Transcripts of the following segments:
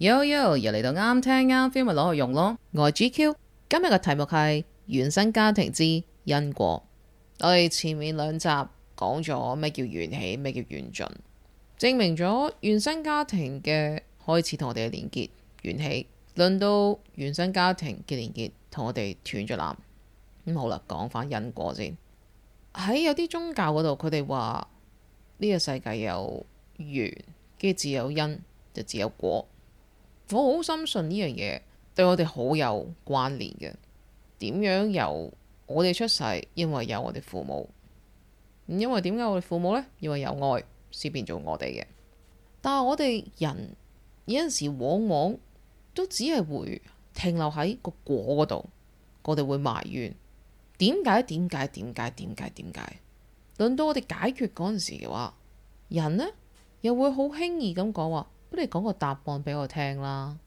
Yo, yo，又嚟到啱聽啱 feel 咪攞去用咯。我係 GQ 今日嘅題目係原生家庭之因果。我哋前面兩集講咗咩叫緣起，咩叫緣盡，證明咗原生家庭嘅開始同我哋嘅連結緣起。輪到原生家庭嘅連結同我哋斷咗纜咁好啦。講翻因果先，喺有啲宗教嗰度，佢哋話呢個世界有緣，跟住自有因就自有果。我好深信呢樣嘢對我哋好有關聯嘅。點樣由我哋出世，因為有我哋父母。因為點解我哋父母呢？因為有愛先變做我哋嘅。但係我哋人有陣時往往都只係會停留喺個果嗰度，我哋會埋怨點解點解點解點解點解。輪到我哋解決嗰陣時嘅話，人呢又會好輕易咁講話。不如講個答案俾我聽啦，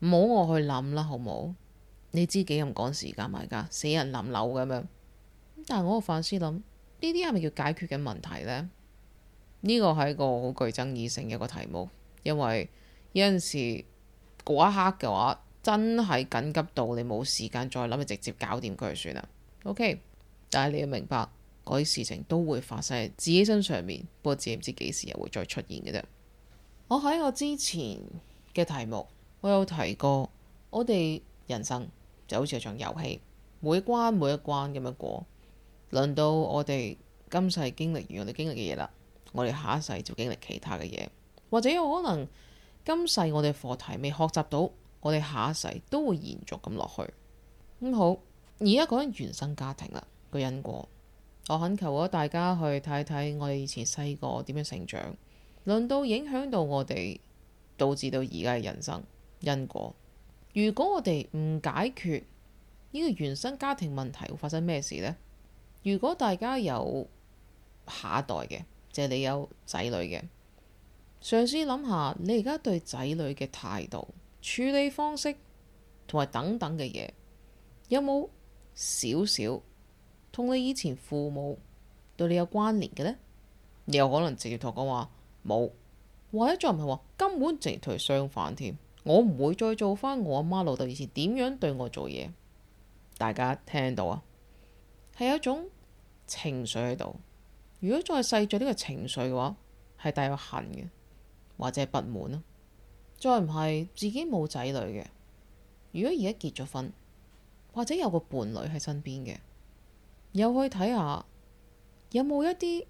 唔好我去諗啦，好冇？你知幾咁趕時間埋噶，死人冧樓咁樣。但係我個反思諗，呢啲係咪叫解決緊問題呢？呢個係一個好具爭議性嘅一個題目，因為有陣時嗰一刻嘅話，真係緊急到你冇時間再諗，就直接搞掂佢算啦。OK，但係你要明白，嗰啲事情都會發生喺自己身上面，不過自己唔知幾時又會再出現嘅啫。我喺我之前嘅題目，我有提過，我哋人生就好似一場遊戲，每一關每一關咁樣過。輪到我哋今世經歷完我哋經歷嘅嘢啦，我哋下一世就經歷其他嘅嘢，或者有可能今世我哋課題未學習到，我哋下一世都會延續咁落去。咁、嗯、好，而家講緊原生家庭啦，個因果，我懇求咗大家去睇睇我哋以前細個點樣成長。輪到影響到我哋，導致到而家嘅人生因果。如果我哋唔解決呢個原生家庭問題，會發生咩事呢？如果大家有下一代嘅，即係你有仔女嘅，嘗試諗下你而家對仔女嘅態度、處理方式同埋等等嘅嘢，有冇少少同你以前父母對你有關聯嘅呢？又可能直接同我講話。冇，或者再唔係話，根本直頭相反添。我唔會再做翻我阿媽老豆以前點樣對我做嘢。大家聽到啊？係有一種情緒喺度。如果再細咗呢個情緒嘅話，係帶有恨嘅，或者係不滿啊。再唔係自己冇仔女嘅，如果而家結咗婚，或者有個伴侶喺身邊嘅，又去睇下有冇一啲。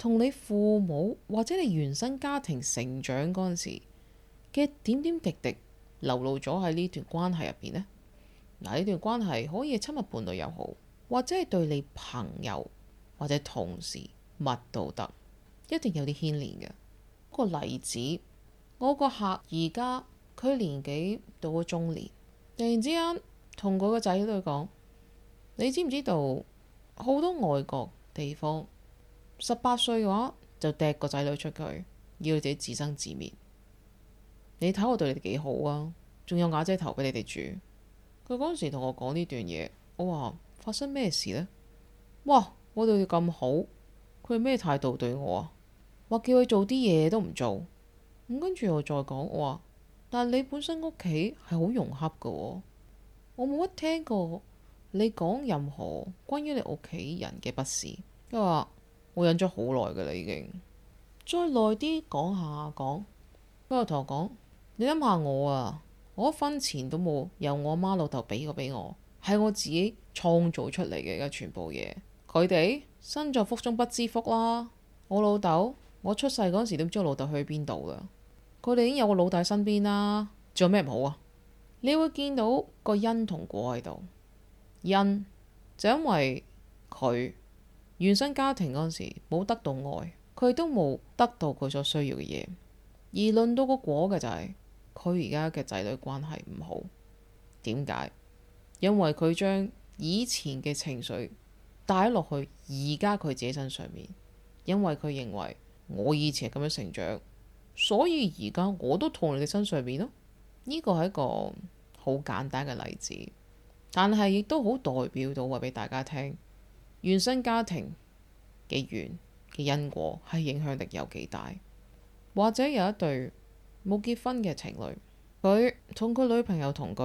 同你父母或者你原生家庭成長嗰陣時嘅點點滴滴流露咗喺呢段關係入邊咧，嗱，呢段關係可以係親密伴侶又好，或者係對你朋友或者同事，乜都得，一定有啲牽連嘅。個例子，我個客而家佢年紀到咗中年，突然之間同佢個仔女講：你知唔知道好多外國地方？十八歲嘅話就掟個仔女出去，要你自己自生自滅。你睇我對你哋幾好啊？仲有瓦遮頭俾你哋住。佢嗰時同我講呢段嘢，我話發生咩事呢？哇！我對你咁好，佢係咩態度對我啊？話叫佢做啲嘢都唔做咁，跟住我再講我話。但係你本身屋企係好融洽嘅喎，我冇乜聽過你講任何關於你屋企人嘅不是，佢話。我忍咗好耐㗎喇，已經再耐啲講下講，不過同我講，你諗下我啊，我一分錢都冇，由我阿媽老豆俾過俾我，係我自己創造出嚟嘅，而家全部嘢，佢哋身在福中不知福啦、啊。我老豆，我出世嗰陣時都唔知我老豆去邊度㗎，佢哋已經有個老大身邊啦、啊，仲有咩唔好啊？你會見到個因同果喺度，因就因為佢。原生家庭嗰陣時冇得到愛，佢都冇得到佢所需要嘅嘢。而論到個果嘅就係佢而家嘅仔女關係唔好。點解？因為佢將以前嘅情緒帶落去而家佢自己身上面，因為佢認為我以前係咁樣成長，所以而家我都同你嘅身上面咯。呢個係一個好簡單嘅例子，但係亦都好代表到話俾大家聽。原生家庭嘅緣嘅因果係影響力有幾大？或者有一對冇結婚嘅情侶，佢同佢女朋友同居，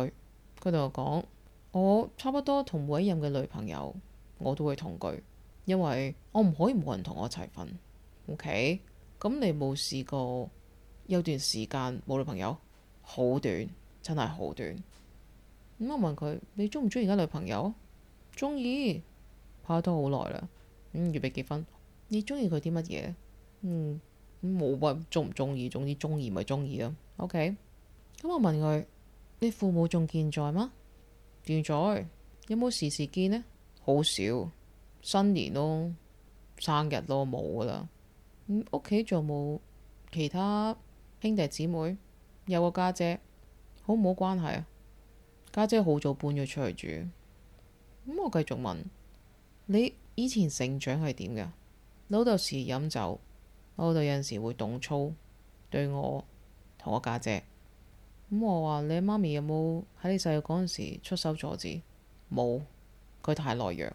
佢同我講，我差不多同每一任嘅女朋友，我都會同居，因為我唔可以冇人同我一齊瞓。OK，咁你冇試過有段時間冇女朋友，好短，真係好短。咁我問佢：你中唔中意而家女朋友？中意。拍拖好耐啦，咁、嗯、預備結婚。你中意佢啲乜嘢？嗯，冇乜中唔中意，總之中意咪中意咯。OK，咁、嗯、我問佢：你父母仲健在嗎？健在。有冇時時見呢？好少，新年咯，生日咯，冇噶啦。咁屋企仲冇其他兄弟姊妹？有個家姐，姐，好唔好關係啊？家姐好早搬咗出去住。咁、嗯、我繼續問。你以前成長係點嘅？老豆時飲酒，老豆有陣時會動粗對我同我家姐，姐。咁、嗯、我話你媽咪有冇喺你細個嗰陣時出手阻止？冇，佢太懦弱。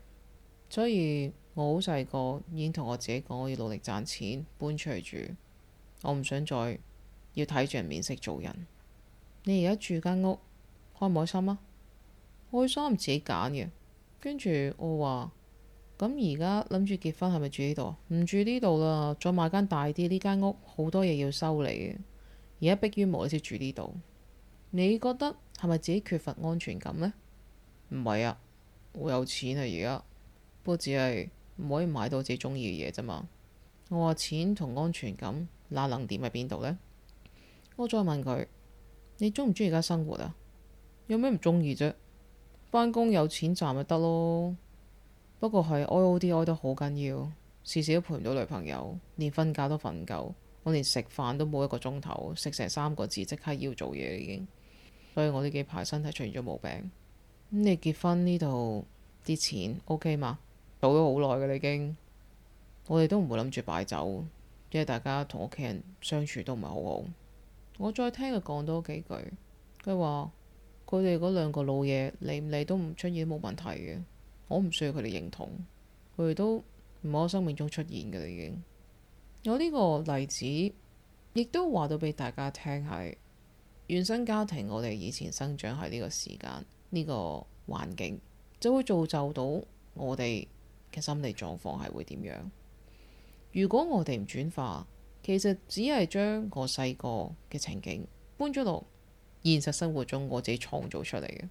所以我好細個已經同我自己講，我要努力賺錢搬出去住。我唔想再要睇住人面色做人。你而家住在間屋開唔開心啊？開心，唔自己揀嘅。跟住我話。咁而家諗住結婚係咪住呢度？唔住呢度啦，再買間大啲。呢間屋好多嘢要修理嘅，而家迫於無奈，先住呢度。你覺得係咪自己缺乏安全感呢？唔係啊，我有錢啊，而家不過只係唔可以買到自己中意嘅嘢啫嘛。我話錢同安全感那能點喺邊度呢？我再問佢：你中唔中意而家生活啊？有咩唔中意啫？翻工有錢賺咪得咯？不過係，挨老啲挨得好緊要，事事都陪唔到女朋友，連瞓覺都瞓唔夠，我連食飯都冇一個鐘頭，食成三個字即刻要 hours，做嘢已經，所以我呢幾排身體出現咗毛病。咁你結婚呢度啲錢 OK 嘛？儲咗好耐嘅已經，我哋都唔會諗住擺酒，因為大家同屋企人相處都唔係好好。我再聽佢講多幾句，佢話佢哋嗰兩個老嘢嚟唔嚟都唔出現冇問題嘅。我唔需要佢哋認同，佢哋都唔喺我生命中出現嘅啦已經。有呢個例子，亦都話到俾大家聽係原生家庭，我哋以前生長喺呢個時間、呢個環境，就會造就到我哋嘅心理狀況係會點樣。如果我哋唔轉化，其實只係將我細個嘅情景搬咗到現實生活中，我自己創造出嚟嘅。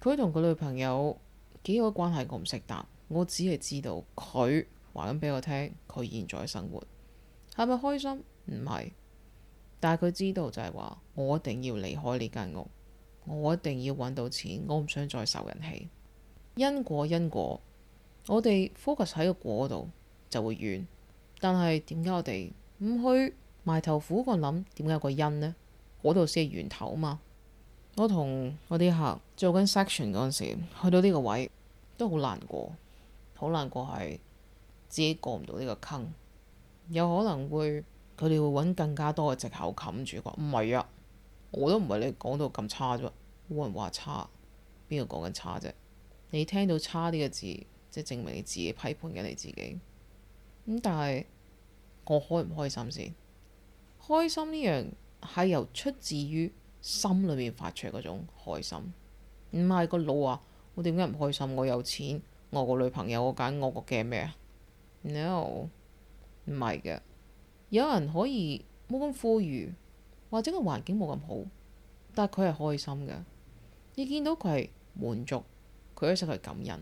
佢同佢女朋友。幾個關係我唔識答，我只係知道佢話咁俾我聽，佢現在生活係咪開心？唔係，但係佢知道就係話我一定要離開呢間屋，我一定要揾到錢，我唔想再受人氣。因果因果，我哋 focus 喺個果度就會遠，但係點解我哋唔去埋頭苦個諗？點解有個因呢？嗰度先係源頭啊嘛～我同我啲客做緊 section 嗰陣時，去到呢個位都好難過，好難過係自己過唔到呢個坑，有可能會佢哋會揾更加多嘅借口冚住啩？唔係啊，我都唔係你講到咁差啫，冇人話差，邊個講緊差啫？你聽到差啲嘅呢個字，即係證明你自己批判緊你自己。咁但係我開唔開心先？開心呢樣係由出自於。心裏面發出嗰種開心，唔係個腦啊！我點解唔開心？我有錢，我個女朋友，我揀我個嘅咩啊？No，唔係嘅。有人可以冇咁富裕，或者個環境冇咁好，但係佢係開心嘅。你見到佢係滿足，佢可以識感恩。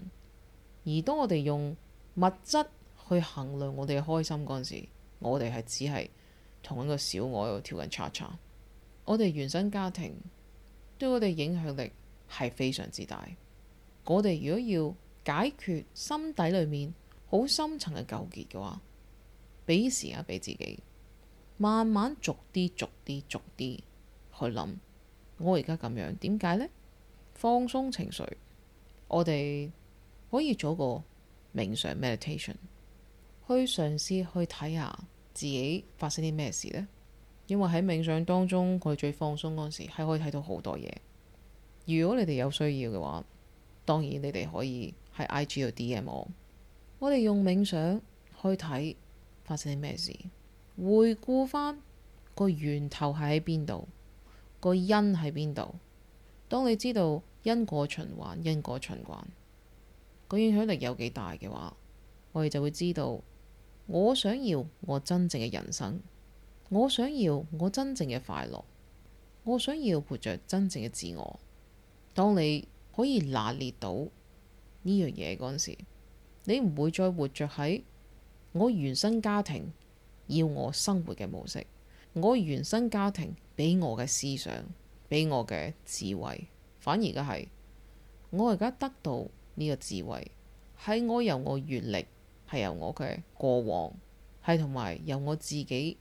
而當我哋用物質去衡量我哋嘅開心嗰陣時，我哋係只係同一個小我喺度跳緊叉叉。我哋原生家庭對我哋影響力係非常之大。我哋如果要解決心底裏面好深層嘅糾結嘅話，俾時間俾自己，慢慢逐啲逐啲逐啲去諗。我而家咁樣，點解呢？放鬆情緒，我哋可以做個冥想 meditation，去嘗試去睇下自己發生啲咩事呢？因為喺冥想當中，佢最放鬆嗰陣時，係可以睇到好多嘢。如果你哋有需要嘅話，當然你哋可以喺 I G 度 DM 我。我哋用冥想去睇發生啲咩事，回顧翻個源頭係喺邊度，個因喺邊度。當你知道因果循環，因果循環個影響力有幾大嘅話，我哋就會知道我想要我真正嘅人生。我想要我真正嘅快樂，我想要活着真正嘅自我。當你可以拿捏到呢樣嘢嗰陣時，你唔會再活着喺我原生家庭要我生活嘅模式，我原生家庭俾我嘅思想、俾我嘅智慧，反而嘅就係我而家得到呢個智慧係我由我閱歷係由我嘅過往係同埋由我自己。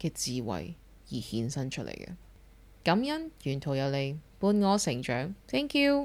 嘅智慧而衍生出嚟嘅。感恩沿途有你伴我成長 thank you。